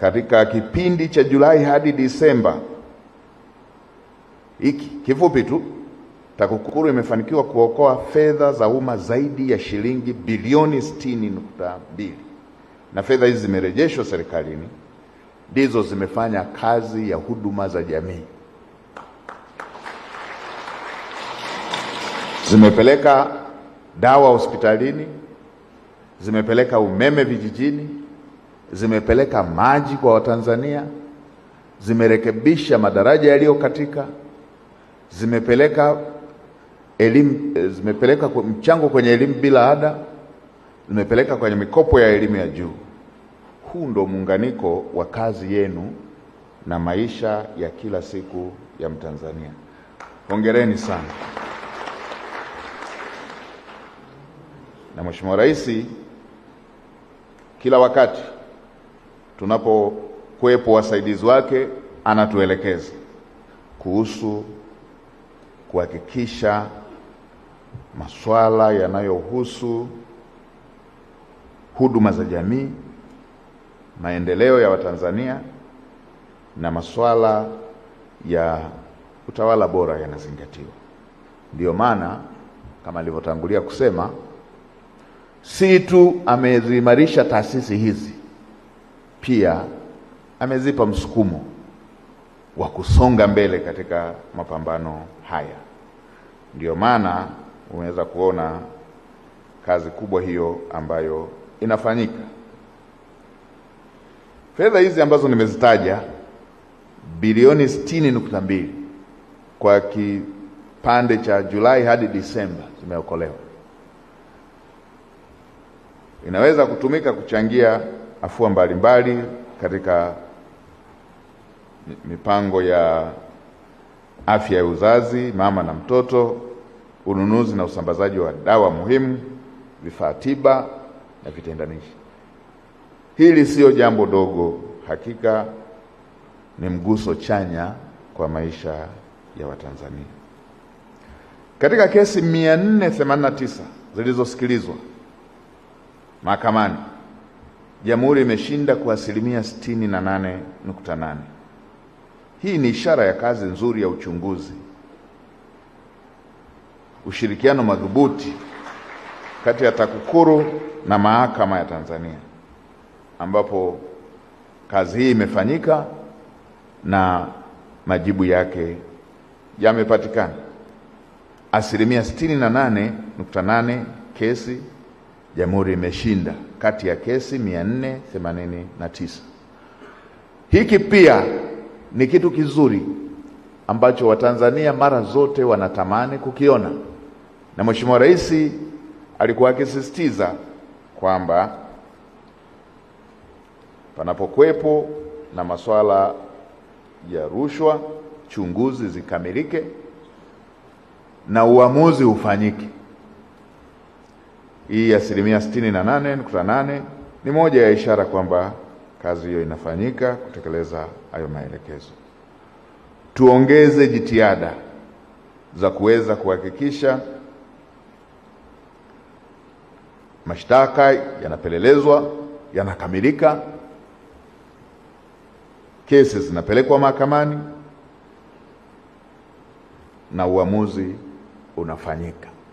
katika kipindi cha Julai hadi Disemba hiki kifupi tu, TAKUKURU imefanikiwa kuokoa fedha za umma zaidi ya shilingi bilioni sitini nukta mbili na fedha hizi zimerejeshwa serikalini, ndizo zimefanya kazi ya huduma za jamii, zimepeleka dawa hospitalini, zimepeleka umeme vijijini zimepeleka maji kwa Watanzania, zimerekebisha madaraja yaliyokatika, zimepeleka elimu, zimepeleka mchango kwenye elimu bila ada, zimepeleka kwenye mikopo ya elimu ya juu. Huu ndo muunganiko wa kazi yenu na maisha ya kila siku ya Mtanzania. Hongereni sana. Na Mheshimiwa Rais kila wakati tunapokuwepo wasaidizi wake, anatuelekeza kuhusu kuhakikisha masuala yanayohusu huduma za jamii, maendeleo ya Watanzania na masuala ya utawala bora yanazingatiwa. Ndiyo maana kama alivyotangulia kusema, si tu ameziimarisha taasisi hizi pia amezipa msukumo wa kusonga mbele katika mapambano haya. Ndiyo maana unaweza kuona kazi kubwa hiyo ambayo inafanyika. Fedha hizi ambazo nimezitaja bilioni sitini nukta mbili kwa kipande cha Julai hadi Disemba zimeokolewa, inaweza kutumika kuchangia afua mbalimbali katika mipango ya afya ya uzazi, mama na mtoto, ununuzi na usambazaji wa dawa muhimu, vifaa tiba na vitendanishi. Hili sio jambo dogo, hakika ni mguso chanya kwa maisha ya Watanzania. Katika kesi 489 zilizosikilizwa mahakamani Jamhuri imeshinda kwa asilimia 68.8. Hii ni ishara ya kazi nzuri ya uchunguzi, ushirikiano madhubuti kati ya TAKUKURU na mahakama ya Tanzania, ambapo kazi hii imefanyika na majibu yake yamepatikana. Asilimia 68.8 kesi jamhuri imeshinda kati ya kesi 489. Hiki pia ni kitu kizuri ambacho Watanzania mara zote wanatamani kukiona, na Mheshimiwa Rais alikuwa akisisitiza kwamba panapokuwepo na masuala ya rushwa chunguzi zikamilike na uamuzi ufanyike. Hii asilimia sitini na nane nukta nane ni moja ya ishara kwamba kazi hiyo inafanyika kutekeleza hayo maelekezo. Tuongeze jitihada za kuweza kuhakikisha mashtaka yanapelelezwa, yanakamilika, kesi zinapelekwa mahakamani na uamuzi unafanyika.